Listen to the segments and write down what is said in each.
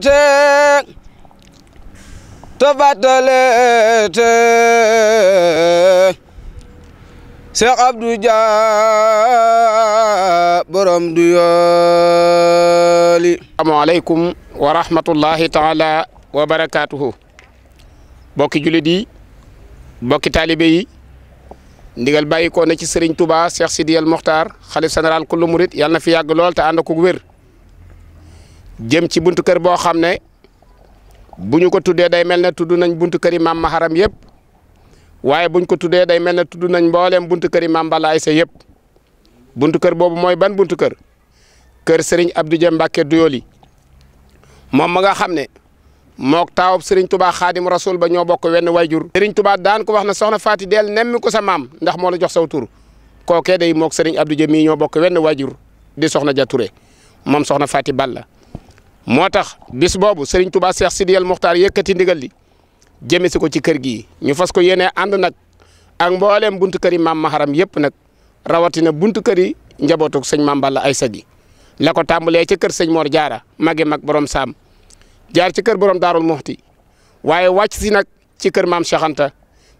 te to battale te Cheikh Abdou Dia borom du yooli asalaamaaleykum wa rahmatullahi taala wa barakaatuhu bokki jullit yi bokki taalibe yi ndigal bàyyi ko na ci Serigne Touba Cheikh Sidi El Mokhtar xalif général kullu murit yàlla na fi yàgg lool te ànd ko wér jëm ci buntu kër bo xamné ne ko tuddé day mel tuddu nañ buntu kër imam Maharam yëpp waye buñ ko tuddé day mel tuddu nañ mbolém buntu kër imam maam Balla Aysa buntu kër bobu moy ban buntu kër kër Serigne Abdou Dia mbacké duyoli mom ma nga xamné mok mook Serigne Touba khadim rasoul ba ño bokk wenn wayjur Serigne Touba daan ko waxna soxna fati del nemmi ko sa mam ndax mo la jox saw tour koké day mok Serigne Abdou Dia mi ño bokk wenn wayjur di soxna Dia Touré mom soxna fati Balla Muatah bis bobu Serigne Touba Cheikh Sidiyal Mokhtar yekati ndigal li jëme si ko ci kër gi ñu fas ko yene and nak ak mbollem buntu kër imam maam maharam nak rawati rawatina buntu kër njabotuk serigne sëñ maam Balla Aysa gi lako ko ci kër serigne Mor Jaara magi mag borom sam jaar ci kër borom darul muhti waye wacc ci nak ci kër mam cheikhanta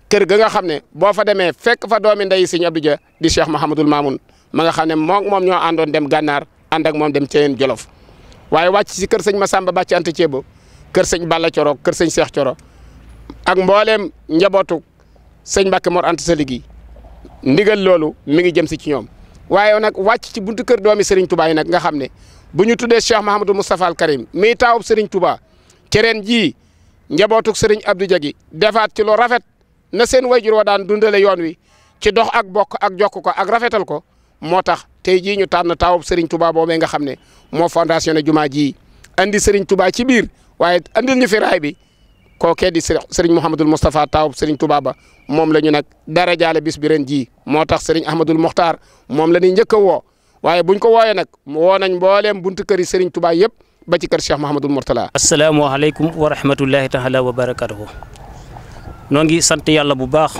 kër ga nga xam bo fa fekk fa doomi ndey serigne Abdou di Cheikh Mamoun ma nga mok mom ño andon dem gannar and ak mom dem Ceyeen waaye wàcc si kër ma samba Bàcc Anta Ceebo kër sëñ Balla Coro kër sëñ Seex Coro ak mbooleem njabootu sëñ Mbàkke Mor Anta Sali gi ndigal loolu mi ngi jëm si ci ñoom waaye nag wàcc ci buntu kër doomi Serigne Touba yi nag nga xam ne bu ñu tuddee Cheikh Mahamadou Moustapha Al Karim mi taawub Serigne Touba ci ren jii njabootuk Serigne Abdou Diaghi defaat ci loo rafet na seen way jur wa daan dundale yoon wi ci dox ak bokk ak jokk ko ak rafetal ko moo tax tey jii ñu tànn taawub Serigne Touba boobee nga xam ne moo fondation ne jumaa ji andi Serigne tubaa ci biir waaye andil ñu fi raay bi kookee di Serigne Mouhamadul Moustapha taawub Serigne Touba ba moom la ñu nag dara jaale bis bi ren jii moo tax Serigne Ahmadul Mokhtar moom la ñuy njëkk a woo waaye buñ ko wooyee nag woo nañ mbooleem buntu kër yi Serigne Touba yëpp ba ci kër Cheikh Mouhamadul Mourtala. asalaamaaleykum wa rahmatullahi taala wa barakatuhu noo ngi sant yàlla bu baax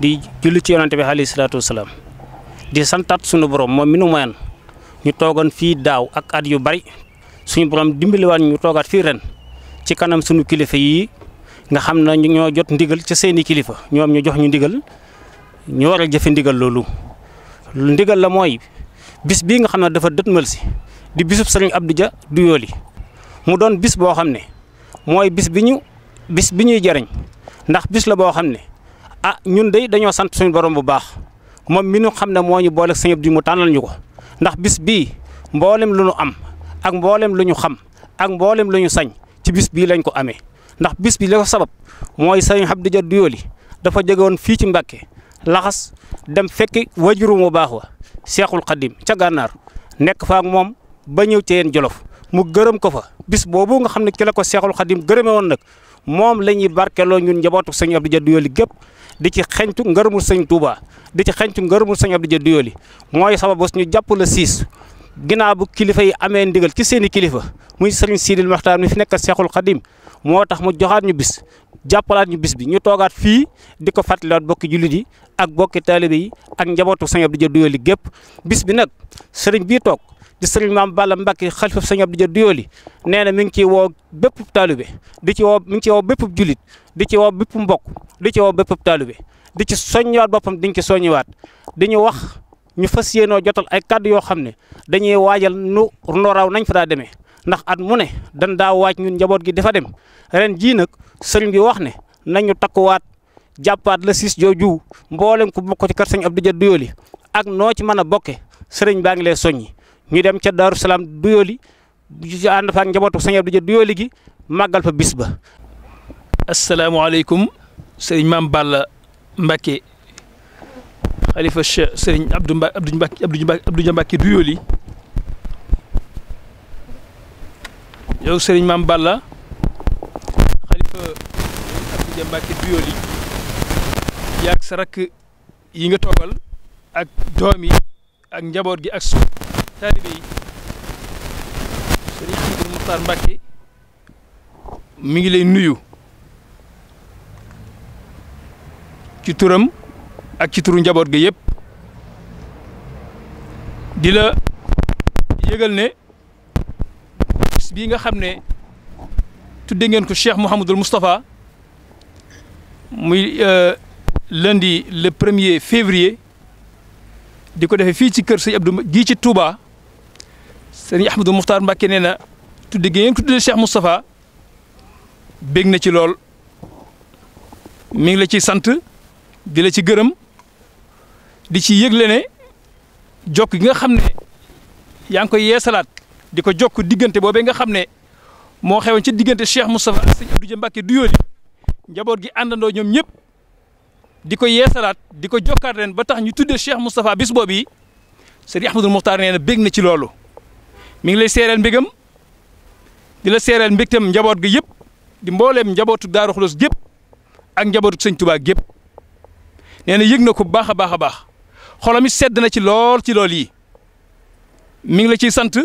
di bi alayhi salaatu wasalaam di santat sunu borom mo minu mayan ñu togon fi daw ak at yu bari suñu borom dimbali waan ñu togat fi ren ci kanam sunu kilifa yi nga xamna na ñoo jot ndigal ci seeni kilifa ñom ñu jox ñu ndigal ñu waral jëf ndigal lolu ndigal la moy bis bi nga xamna dafa dëtmal si di bisub serigne abdija du yoli mu don bis bo xamne moy bis biñu bis biñuy jarign ndax bis la bo xamne ah ñun day dañoo sante suñu borom bu baax moom mi ñu xam ne moo ñu boole sëñ Abdou mu tànnal ñu ko ndax bis bii mboolem lu ñu am ak mboolem lu ñu xam ak mboolem lu ñu sañ ci bis bii lañ ko amee ndax bis bi la ko sabab mooy sëñ Abdou Dia Doyoly dafa jóge woon fii ci Mbàkke laxas dem fekki wajuru mu baax wa Seexul Xadim ca gànnaar nekk fa ak moom ba ñëw ci yeen Jolof mu gërëm ko fa bis boobu nga xam ne ki la ko Seexul Xadim gërëme woon nag moom lañuy ñuy barkeloo ñun njabootu sëñ Abdou Dia yoli gep di ci xentu ngeerum sëñ Touba di ci xentu ngeerum sëñ Abdou Dia yoli moy sababu ñu japp le 6 ginaa bu kilifa yi amé ndigal ci seeni kilifa muy sëriñ Sidil Maxtaar mi fi nek cheikhul qadim motax mu joxat ñu bis jappalat ñu bis bi ñu togaat fi di ko bokki jullit yi ak bokki taalibe yi ak njabotu sëñ Abdou Dia yoli gep bis bi nak sëriñ bi tok di sëriñ maam Balla Mbacke xalifab sëñ Abdou Dia Doyoly nee na mi ngi ciy woo bépp taalibe di ci woo mi ngi ciy bépp julit di ci woo bépp mbokk di ci woo bépp taalibe di ci soññiwaat boppam diñ ci soññiwaat di ñu wax ñu fas yéenoo jotal ay kàddu yoo xam ne dañuy waajal nu nooraw nañ fa daa demee ndax at mu ne dan daa waaj ñun njaboot gi dafa dem ren jii nag sëriñ bi wax ne nañu takkuwaat jàppaat la siis jooju mboolem ku bokk ci kër sëñ Abdou Dia Doyoly ak noo ci mën a bokke sëriñ baa ngi lay soññi ñu dem ca Daaru Salaam duyooli ci fa ak njabootu Sëñ Abdou Ja duyooli gi màggal fa bis ba. asalaamaaleykum sëriñ maam Balla Mbacke xalifa Cheikh sëriñ Abdou duyooli yow sëriñ maam Balla xalifa Abdou Ja duyooli yaag sa yi nga toogal ak doom ak njaboot gi ak suuf. taalibe yi sëriñ Ahmadou Mokhtar ngi lay nuyu ci turam ak ci turu njaboot gi yëpp di la yëgal ne bis bii nga xam ne de ngeen ko Cheikh Mouhamadul Moustapha muy euh, lundi le premier février di ko defee fii ci kër sëñ Abdou gii ci Touba sëriñ Ahmadou Moukhtar mbakke nee na tudde gi ngeen ko tuddee bég na ci lool mi ngi la ci sant di la ci gërëm di ci yëgle ne jokk gi nga xam ne yaa ngi koy yeesalaat di ko jokk diggante boobee nga xam ne moo xewoon ci diggante Cheikh Moustapha ak sëñ Abdou Dia Mbacke du yooli gi àndandoo ñoom ñëpp di ko yeesalaat di ko jokkaat ren ba tax ñu tuddee Cheikh Moustapha bis boobu yi sëriñ Ahmadou Moukhtar na bég na ci loolu. mi ngi lay seereel mbigam di la seereel mbégtam njaboot gi yëpp di mbooleem njabootu Daaru Xulos gépp ak njabootu Sëñ Tuubaa gépp nee na yëg na ko baax a baax a baax xolam it sedd na ci lool ci lool yi mi ngi la ciy sant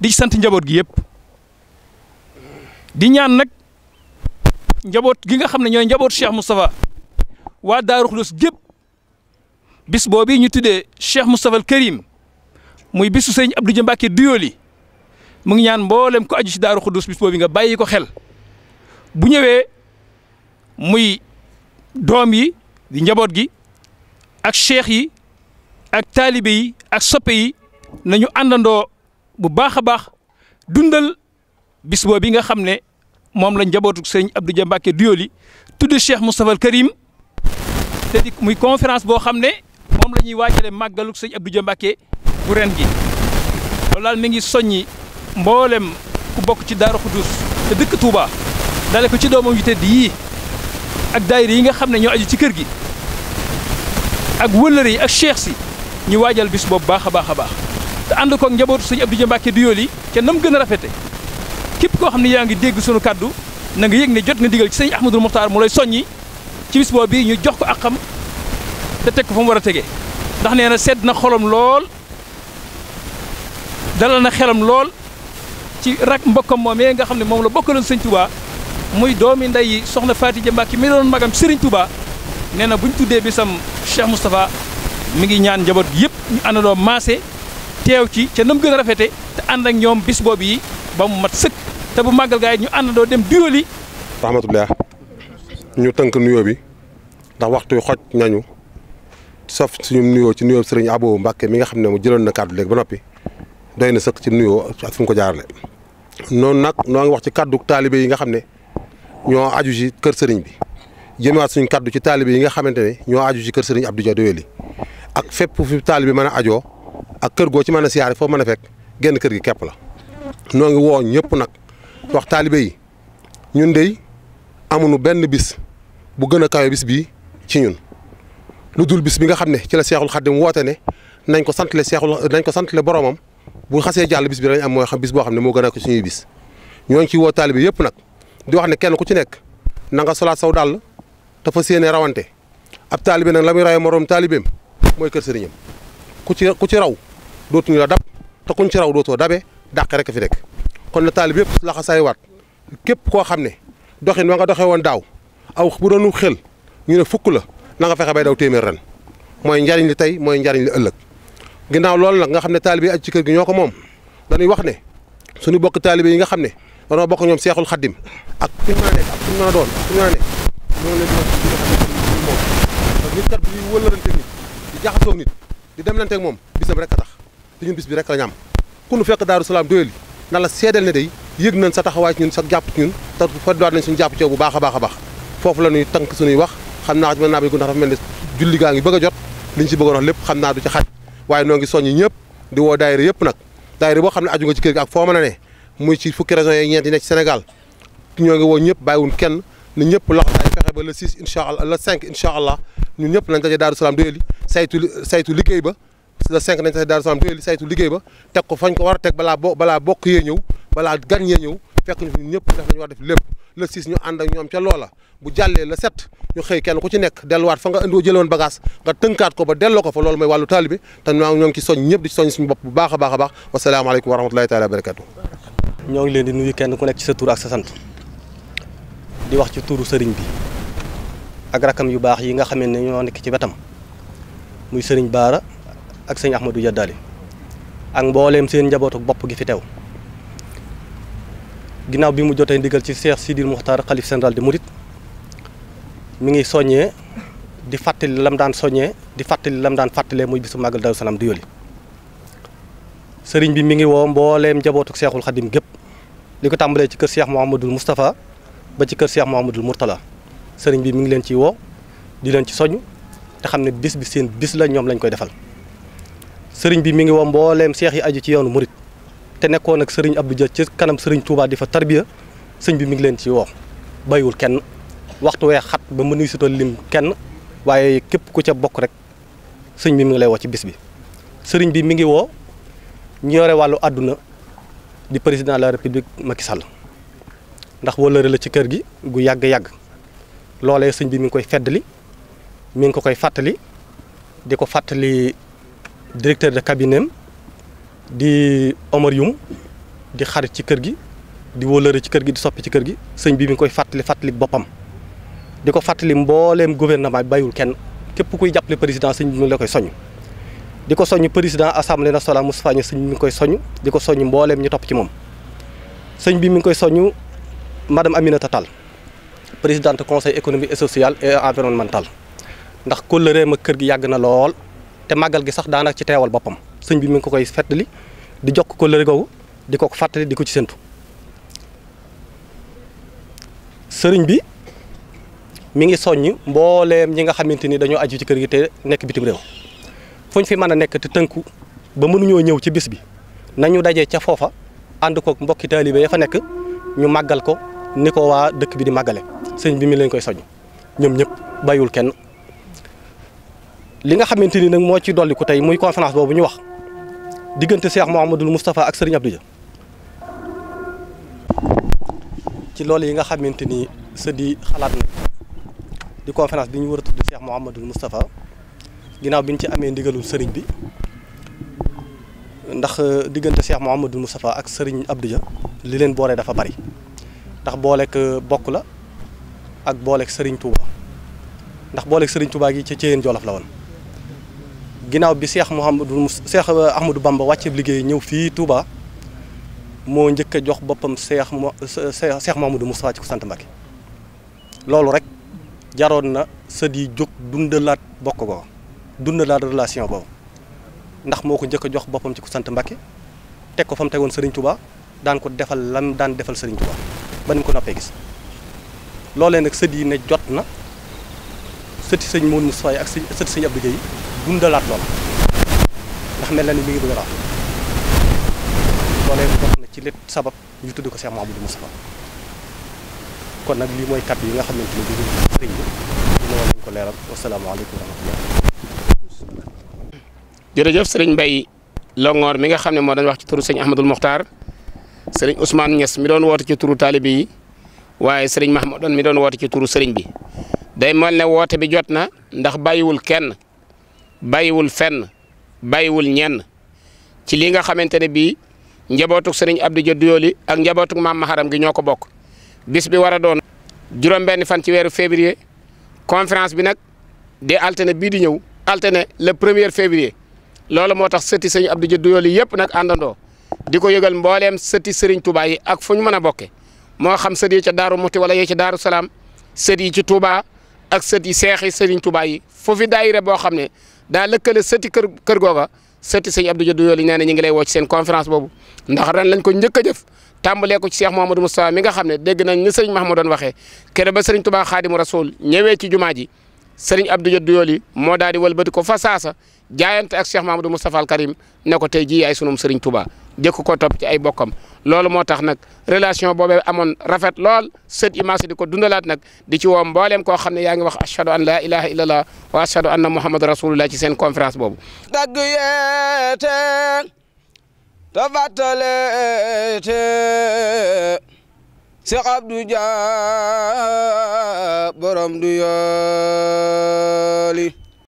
di ci sant njaboot gi yëpp di ñaan nag njaboot gi nga xam ne ñooy njabootu Cheikh Moustapha waa Daaru Xulos gépp bis boobu ñu tuddee Cheikh Moustapha al Karim muy bisu sëñ Abdou Dia Mbacke Doyoly mu ngi ñaan mbooleem ko aju ci Daaru Xuddus bis boobu nga bàyyi ko xel bu ñëwee muy doom yi di njaboot gi ak cheikh yi ak taalibe yi ak soppe yi nañu àndandoo bu baax a baax dundal bis boobu nga xam ne moom la njabootu sëñ Abdou Dia Mbacke Doyoly tudde cheikh Moustapha Karim te di muy conférence boo xam ne moom la ñuy waajalee màggalu sëñ Abdou Dia Mbacke bu ren gi loolu mi ngi soññi mboolem ku bokk ci Daaru Xuddus te dëkk tuuba dale ko ci doomam yu tedd yii ak daayira yi nga xam ne ñoo aju ci kër gi ak wëllëre yi ak cheikh si ñu waajal bis boobu baax a baax a baax te ànd koog njabootu sëñ Abdou Dia Mbacke du yool yi te nam gën a rafete képp koo xam ne yaa ngi dégg sunu kàddu na nga yëg ne jot nga digal ci sëñ Ahmadul Muxtaar mu lay soññi ci bis bi ñu jox ko ak xam te teg ko fa mu war a tege ndax nee na sedd na xolom lool dalal na xelam lool ci rak mbokkam moom yee nga xam ne moom la bokkaloon sëñ tubaa muy doomi ndey yi soxna Faati Ja Mbàkke mi doon magam Serigne Touba nee na bu ñu tuddee bisam Cheikh Moustapha mi ngi ñaan njaboot yëpp ñu àndandoo maase teew ci ca mu gën a rafete te ànd ak ñoom bis boobu yi ba mu mat sëkk te bu màggal gaa yi ñu àndandoo dem duyooli. rahmatullah ñu tënk nuyoo bi ndax waxtu xoj nañu saf suñu nuyoo ci nuyoo Serigne Abo Mbàkke mi nga xam ne jëloon na kàddu léegi doy na sëkk ci nuyoo ak fu mu ko jaarale noonu nag noo ngi wax ci kaddu taalibe yi nga xam ne ñoo aju ci kër sëriñ bi jëmewaat suñ kaddu ci taalibe yi nga xamante ne ñoo aju ci kër sëriñ Abdou Dia Doyoly ak fépp fi taalibe mën a ajo ak kër goo ci mën a siyaare foo mën a fekk genn kër gi kepp la noo ngi woo ñëpp nag wax taalibe yi ñun dey amuñu benn bis bu gën a kawe bis bi ci ñun lu dul bis bi nga xam ne ci la Seexul mu woote ne nañ ko santle Seexul nañ ko santle boromam bu xasee jàll bis bi dañ am mooy bis boo xam ne moo gën a ko suñuy bis ñoo ci ciy woo taalibe yëpp nag di wax ne kenn ku ci nekk na nga solaat saw dàll dafa séenee rawante ab taalibe nag la muy rawee moroom taalibeem mooy kër sëriñam ku ci ku ci raw dootuñu la dab te kuñ ci raw dootoo dabe dàq rek fi nekk kon na taalibe yëpp laxa waat képp koo xam ne doxin wa nga doxee woon daaw aw bu doonu xel ñu ne fukk la na nga fexe bay daw téeméer ren mooy njariñ li tey mooy njariñ li ëllëg ginnaaw loolu nag nga xam ne taalibe yi ci kër gi ñoo ko moom dañuy wax ne suñu bokk taalibe yi nga xam ne danoo bokk ñoom seexul xaddim ak fi mu naa nekk ak fi mu doon ak fi moom parce ak tax te bis bi rek la ñam ku nu fekk daaru salaam doyal yi na la seedal ne day yëg nañ sa taxawaay ñun sa jàpp ci ñun te fedduwaat nañ suñu jàpp ci bu baax a baax a baax foofu la ñuy tënk suñuy wax xam naa mën naa bay gun dafa mel ne julli gaa ngi bëgg a jot liñ ci bëggoon wax lépp xam naa du ci xaj waaye noo ngi soññ ñëpp di woo daayira yëpp nag daayira boo xam ne aju nga ci kër gi ak foo mën a ne muy ci fukki régions yi ñeent yi nekk ci Sénégal ñoo ngi woo ñëpp bàyyiwun kenn ne ñëpp loxo daay fexe ba la 6 incha allah le 5 incha allah ñun ñëpp nañ daje Daaru Salaam doyali saytu saytu liggéey ba le 5 nañ daje Daaru Salaam saytu liggéey ba teg ko fañ ko war a teg balaa bo balaa bokk yee ñëw balaa gan ñee ñëw fekk ñu fi ñëpp def lañu war def lépp le 6 ñu and ak ñom ca loola bu jàllee le 7 ñu xey kenn ku ci nek delu wat fa nga jël won bagage nga teunkat ko ba delo ko fa loolu mooy wàllu taalibe te ñoo ngi ci soñ ñepp di soñ suñu bop bu baaxa baaxa baax wa salaamu alaykum wa rahmatullahi taala wa barakatu ñoo ngi leen di nuyu kenn ku nek ci sa tour ak sa sante di wax ci touru serigne bi ak rakam yu baax yi nga xamé ne ñoo nek ci wetam muy serigne bara ak serigne Ahmadou jaddali ak mbollem seen njabootu bop gi fi tew ginaaw bi mu jotay ndigal ci Cheikh Sidil muhtar khalif central de Mouride mi ngi soñé di fatali lam daan soñé di fatali lam daan fàttalee muy bisu magal daru salam du yoli serigne bi mi ngi wo mbollem njabootu Cheikhul Khadim gep liko tambalé ci keur Cheikh Mouhamadul Moustapha ba ci keur Cheikh Mouhamadul murtala serigne bi mi ngi len ci wo di len ci soñu te xamné bis bi seen bis la ñom lañ koy defal Sering bi mi ngi wo mbollem cheikh yi aji ci yoonu Mouride. te nekkoon ak sëriñ Abdou Dia ci kanam sëriñ Touba di fa tarbiya sëñ bi mi ngi leen ci woo baywul kenn waxtu wee xat ba mënuy sutal lim kenn waaye képp ku ca bokk rek sëñ bi mu ngi lay woo ci bis bi sëriñ bi mi ngi woo ñu yore wàllu àdduna di président la république Macky Sall ndax wóllëre la ci kër gi gu yàgg-yàgg loole sëñ bi mu ngi koy feddali mu ngi ko koy fàttali di ko fàttali directeur de cabinet di Omar Youm di xarit ci kër gi di wóolëre ci kër gi di soppi ci kër gi sëñ bi mi ngi koy fàttali fàttali boppam di ko fàttali mbooleem gouvernement bi bàyyiwul kenn képp kuy jàppale président sëñ bi mi ngi la koy soññ di ko soññ président assemblée nationale Moustapha Niasse sëñ bi ngi koy soññ di ko soññ mbooleem ñu topp ci moom sëñ bi mi ngi koy soññ madame Aminata total présidente conseil économie et social et environnemental ndax kóllëreem ak kër gi yàgg na lool te màggal gi sax daanaka ci teewal boppam sëñ bi mu ngi ko koy fettali di jokk ko lëre googu di ko ko fàttali di ko ci séntu sëriñ bi mu ngi soññ mbooleem ñi nga xamante ni dañoo aju ci kër gi te nekk bitim réew fuñ fi mën a nekk te tënku ba mënuñoo ñëw ci bis bi nañu dajee ca foofa ànd ko mbokki taalibe ya fa nekk ñu màggal ko ni ko waa dëkk bi di màggale sëñ bi mi lañ koy soññ ñoom ñëpp bayul kenn li nga xamante ni nag moo ci dolli ko tey muy conférence boobu ñu wax digënté Cheikh mohamadou Mustafa ak Serigne Abdou Dia ci lool yi nga xamanteni se di xalat na di conférence bi ñu war tuddu Cheikh mohamadou Moustapha ginaaw biñ ci amé ndigalul Serigne bi ndax euh, digënté Cheikh mohamadou Moustapha ak Serigne Abdou Dia li leen boré dafa bari ndax ke euh, bokku la ak booleeg Serigne Touba ndax booleeg Serigne Touba gi ci Ceyeen jollof la won ginnaaw bi Cheikh Mouhamadou Cheikh euh, Ahmadou Bamba wàcce liggéey ñëw fii Touba moo njëkk a jox boppam Cheikh mo Cheikh Mouhamadou Moustapha ci ko sant Mbacké loolu rek jaroon na sët yi jóg dundalaat bokk ko dundalaat relation boobu ndax moo ko njëkk a jox boppam ci ko sant Mbacké teg ko fa mu tegoon Serigne Touba daan ko defal lam daan defal Serigne Touba ba ni ko noppee gis loolee nag sët yi ne jot na sëti sëñ Mouhamadou Moustapha yi ak sëti sëñ Abdou Gueye yi dundalaat lool ndax ci lépp sabab nag bii sëriñ bi dina woon nañ ko leeral wasalaamaaleykum wa rahmatulah. jërëjëf sëriñ Longoor mi nga xam ne moo doon wax ci turu sëñ Ahmadul Mokhtar sëriñ Ousmane nges mi doon woote ci turu taalibe yi waaye sëriñ Mahmoudane mi doon woote ci turu sëriñ bi day mel ne woote bi jot na ndax bàyyiwul kenn. bàyyiwul fenn bàyyiwul ñenn ci lii nga xamante ne bii njabootuk sëriñ Abdou Dia Doyoly ak njabootuk maam Maharam gi ñoo ko bokk bis bi war a doon juróom-benn fan ci weeru février conférence bi nag de altine bii di ñëw altine le premier février loolu moo tax sëti sëriñ Abdou Dia Doyoly yëpp nag àndandoo di ko yëgal mbooleem sëti sëriñ Touba yi ak fu ñu mën a bokke moo xam sët yi ca Daaru Muti wala yi ca Daaru Salaam sët yi ci ak sët yi seex sëriñ Touba yi foofu daayira boo xam ne daa lëkkale sëti kër kër googa sëti sëñ Abdou Diop Doyoly nee na ñu ngi lay seen conférence boobu ndax ren lañ ko njëkk a jëf tàmbalee ko ci Cheikh Mouhamadou Moustapha mi nga xam ne dégg nañ ni sëriñ Mahmoudan waxee kere ba sëriñ Touba Xaadimu Rasul ñëwee ci jumaa ji sëriñ Abdou Diop Doyoly moo daal di walbati ko fa saasa jaayante ak Cheikh Mamadou Moustapha al ne ko tey jii ay sunum sëriñ Touba jëkk ko topp ci ay bokkam loolu moo tax nag relation boobee amoon rafet lool sët image di ko dundalaat nag di ci woo mbooleem koo xam ne yaa ngi wax ashhadu an la ilaha illallah wa ashhadu anna muhammadu rasulullah ci seen conférence boobu Cheikh Abdou Dia borom du yooli